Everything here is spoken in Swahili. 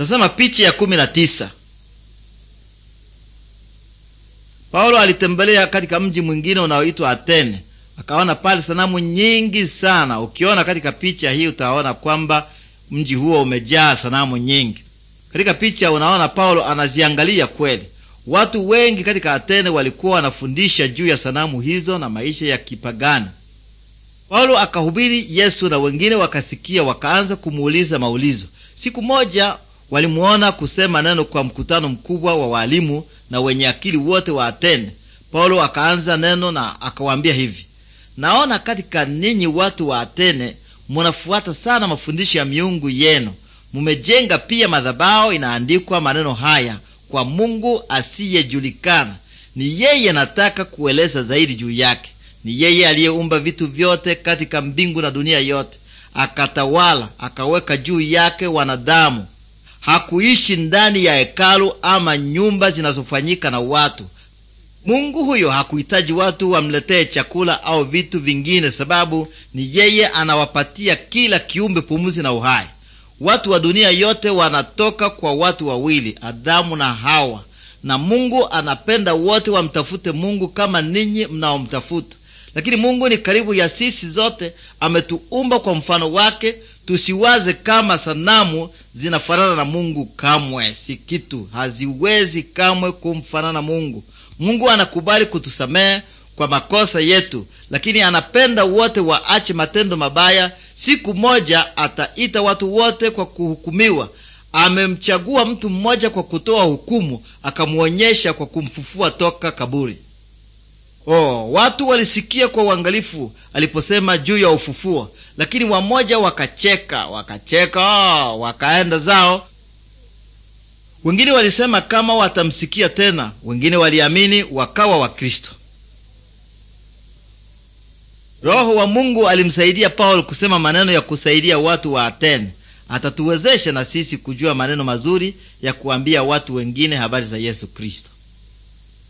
Tazama picha ya kumi na tisa. Paulo alitembelea katika mji mwingine unaoitwa Atene, akaona pale sanamu nyingi sana. Ukiona katika picha hii utaona kwamba mji huo umejaa sanamu nyingi. Katika picha unaona Paulo anaziangalia kweli. Watu wengi katika Atene walikuwa wanafundisha juu ya sanamu hizo na maisha ya kipagani. Paulo akahubiri Yesu na wengine wakasikia, wakaanza kumuuliza maulizo. Siku moja walimwona kusema neno kwa mkutano mkubwa wa walimu na wenye akili wote wa Atene. Paulo akaanza neno na akawaambia hivi: naona katika ninyi watu wa Atene munafuata sana mafundisho ya miungu yenu, mumejenga pia madhabao inaandikwa maneno haya kwa Mungu asiyejulikana. Ni yeye nataka kueleza zaidi juu yake. Ni yeye aliyeumba vitu vyote katika mbingu na dunia yote, akatawala akaweka juu yake wanadamu hakuishi ndani ya hekalu ama nyumba zinazofanyika na watu. Mungu huyo hakuhitaji watu wamletee chakula au vitu vingine, sababu ni yeye anawapatia kila kiumbe pumzi na uhai. Watu wa dunia yote wanatoka kwa watu wawili, Adamu na Hawa, na Mungu anapenda wote wamtafute Mungu kama ninyi mnaomtafuta. Lakini Mungu ni karibu ya sisi zote, ametuumba kwa mfano wake Tusiwaze kama sanamu zinafanana na Mungu kamwe, si kitu, haziwezi kamwe kumfanana na Mungu. Mungu anakubali kutusamehe kwa makosa yetu, lakini anapenda wote waache matendo mabaya. Siku moja ataita watu wote kwa kuhukumiwa. Amemchagua mtu mmoja kwa kutoa hukumu, akamwonyesha kwa kumfufua toka kaburi. Oh, watu walisikia kwa uangalifu aliposema juu ya ufufuo, lakini wamoja wakacheka wakacheka, oh, wakaenda zao. Wengine walisema kama watamsikia tena, wengine waliamini wakawa Wakristo. Roho wa Mungu alimsaidia Paulo kusema maneno ya kusaidia watu wa Atene. Atatuwezesha na sisi kujua maneno mazuri ya kuambia watu wengine habari za Yesu Kristo.